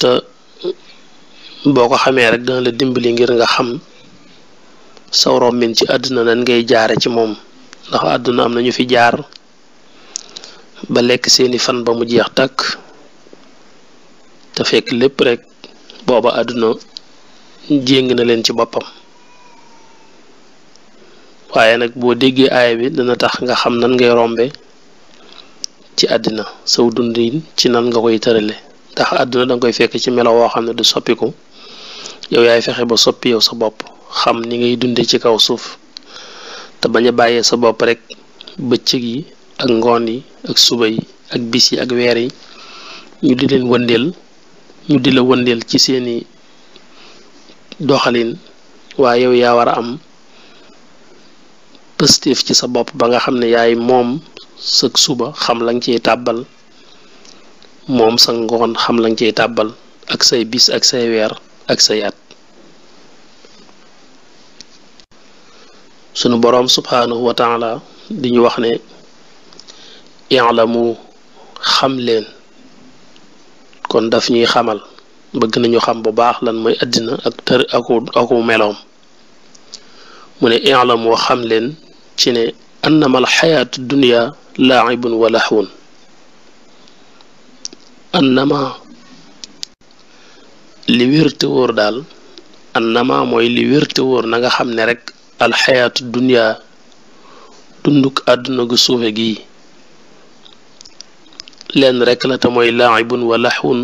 te boo ko xamee rek dana la dimbali ngir nga xam saw rommin ci àdduna nan ngay jaare ci moom ndax àdduna am na ñu fi jaar ba lekk seeni fan ba mu jeex tàkk te fekk lépp rek booba àdduna jéng na leen ci boppam waaye nag boo déggee aaya bi dana tax nga xam nan ngay rombe ci àddina saw dundin ci nan nga koy tërale ndax aduna danga koy fekk ci melo woo xam ne du soppiku yow yaay fexe ba soppi yow sa bopp xam ni ngay dunde ci kaw suuf te bañ a bàyyee sa bopp rek bëccëg yi ak ngoon yi ak suba yi ak bis yi ak weer yi ñu di leen wëndeel ñu di la wëndeel ci seeni doxalin waaye yow yaa war a am positif ci sa bopp ba nga xam ne yaay moom sëg suba xam lañ ciy tàbbal moom sa ngoon xam lañ cay tàbbal ak say bis ak say weer ak say at sunu boroom subhaanahu wa taala di ñu wax ne i'lamu xam leen kon daf ñuy xamal bëgg nañu xam bu baax lan mooy àddina ak tër aku aku meloom mu ne i'lamu xam leen ci ne annama al xayaatu dunia laa'ibun wa laxwun annama li wér te wóor daal annama mooy li wér te wóor na nga xam ne rekk alxayaatu duniyaa dunduk àdduna gu suufe gi leen rekk la te mooy laaibun wa laxwun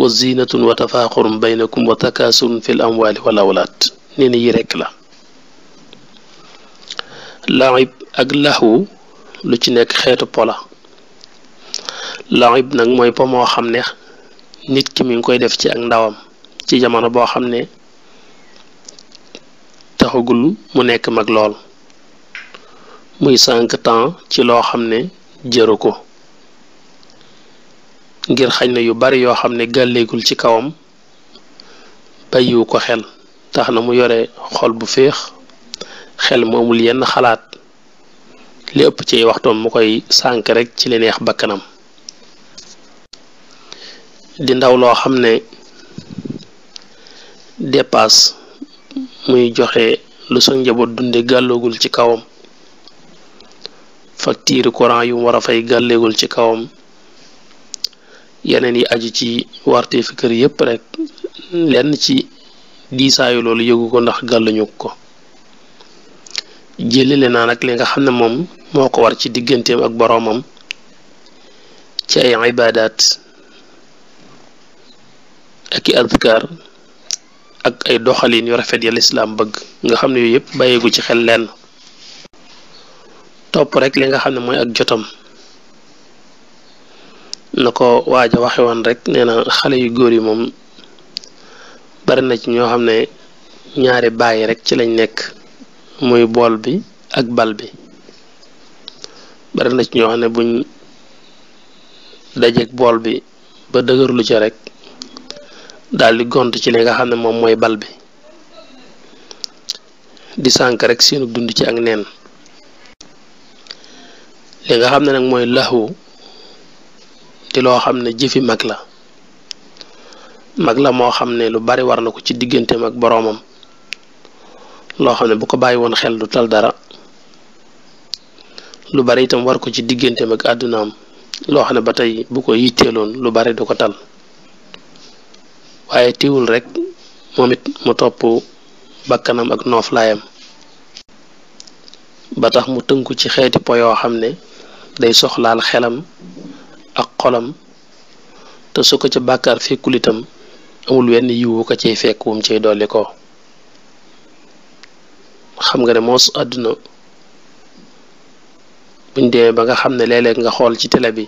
wa ziinatun wa tafaaxurun baynakum wa takaasurun fi amwaali wal awlaad nee yi rekk la laaib ak laxwu lu ci nekk xeetu pola laxib nag mooy po moo xam ne nit ki mu ngi koy def ci ak ndawam ci jamono boo xam ne taxagul mu nekk mag lool muy sànq temps ci loo xam ne jëru ko ngir xañ na yu bari yoo xam ne gàlleegul ci kawam bàyyiwu ko xel tax na mu yore xol bu féex xel moomul yenn xalaat li ëpp ci waxtoom mu koy sànq rek ci li neex bakkanam di ndaw loo xam ne dépasse muy joxe lu sa njaboot dunde gàlloogul ci kawam facture courant yu war a fay gàlleegul ci kawam yeneen yi aju ci warte fi kër yépp rek lenn ci diisaayu loolu yëgu ko ndax gàlluñu ko jëlile naa nag li nga xam ne moom moo ko war ci digganteem ak boroomam ci ay ibaadaat ak i azkar ak ay doxalin yu rafet ya lislaam bëgg nga xam ne yooyu yëpp bàyyeegu ci xel lenn topp rek li nga xam ne mooy ak jotam na ko waaja waxe woon rek nee na xale yu góor yi moom bari na ci ñoo xam ne ñaari bàyyi rekk ci lañ nekk muy bool bi ak bal bi bari na ci ñoo xam ne buñ dajeeg bool bi ba dëgërlu ca rek daal gont ci li nga xam ne moom mooy bal bi di sànk rek seenu dund ci ak neen li nga xam ne nag mooy laxwu di loo xam ne jëfi mag la mag la moo xam ne lu bari war na ko ci digganteem ak boroomam loo xam ne bu ko bàyyi woon xel du tal dara lu bari itam war ko ci digganteem ak àddunaam loo xam ne ba tey bu ko yitteeloon lu bari du ko tal waaye tiwul rek moom it mu topp bakkanam ak nooflaayam ba tax mu tënku ci xeeti po yoo xam ne day soxlaal xelam ak xolam te su ko ca bàkkaar fekkul itam amul wenn yiwu ko ciy fekk wum ciy dolli ko xam nga ne moos àdduna buñ demee ba nga xam ne léeg nga xool ci tele bi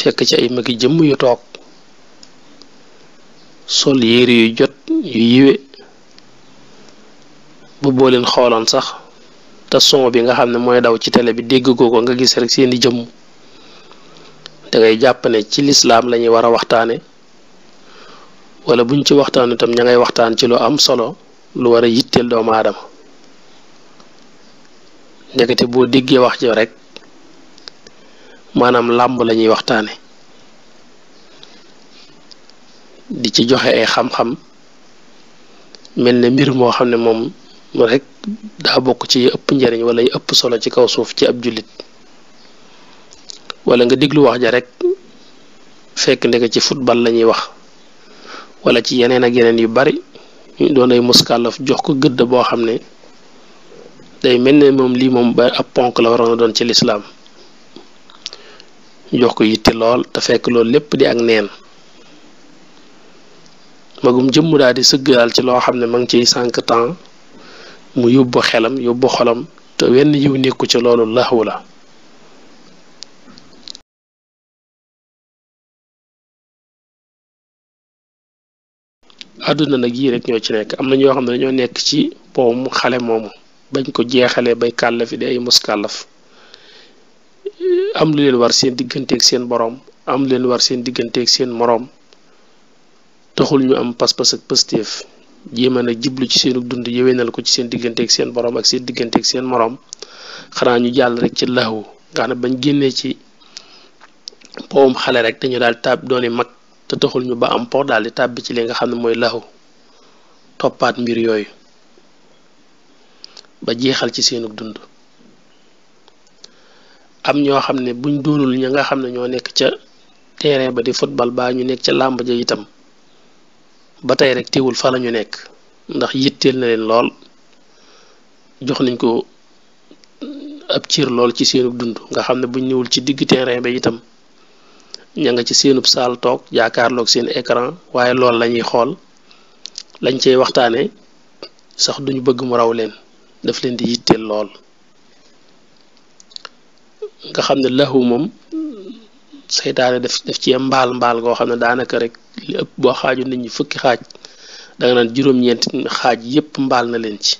fekk ci ay magi jëmm yu toog sol yére yu jot yu yiwe bu booleen xooloon sax te son bi nga xam ne mooy daw ci tele bi dégg ko nga gis rek seeni jëmm dangay jàpp ne ci lislaam lañuy war a waxtaane wala buñ ci waxtaanu itam ña ngay waxtaan ci lu am solo lu war a yitteel doomu aadama ndekete boo déggee wax ji rek maanaam làmb la ñuy waxtaane ci joxe ay xam-xam mel ne mbir moo xam ne moom rek daa bokk ci ëpp njariñ wala yu ëpp solo ci kaw suuf ci ab jullit walla nga diglu wax ja rek fekk ndeke ci football la ñuy wax walla ci yeneen ak yeneen yu bari ñu doon ay muskàllaf jox ko gëdd boo xam ne day mel ne moom lii moom ba ab ponk la waroon a doon ci lislaam jox ko yitte lool te fekk loolu lépp di ak neen magum jëmm daal di sëgg daal ci loo xam ne ma ngi ciy sànq temps mu yóbbu xelam yóbbu xolam te wenn yiw nekku ci loolu laxwu la àdduna nag yii rek ñoo ci nekk am na ñoo xam ne dañoo nekk ci mu xale moomu bañ ko jeexalee bay kàllafi di ay muskàllaf am lu leen war seen digganteek seen boroom am lu leen war seen digganteek seen moroom taxul ñu am pas-pas ak pëstéef jema na jiblu ci seenu dund yewenal ko ci seen ak seen borom ak seen ak seen morom xana ñu jall rek ci lahu gana xam ne bañ ci pom xalé rek dañu dal tab doone mak te taxul ñu ba am po dal di tàbbi ci li nga xamne moy lahu topat mbir yoy ba jéxal ci seenu dund am ñoo xamne buñ doonul ña nga xam ñoo nekk ca terrain ba di football ba ñu nekk ca lamb ja itam ba tey rek teewul fa la nekk ndax yitteel na leen lool jox nañ ko ab ciir lool ci seenub dund nga xam ne buñ ñëwul ci digg terrain ba itam ña nga ci seenub saal toog jaakaarloog seen écran waaye lool lañuy xool lañ cey waxtaane sax duñu bëgg mu raw leen daf leen di yitteel lool nga xam ne lahu moom seytaane def daf cee mbaal mbaal goo xam ne daanaka rek li ëpp boo xaaju nit ñi fukki xaaj danga nga naan juróom-ñeenti xaaj yépp mbaal na leen ci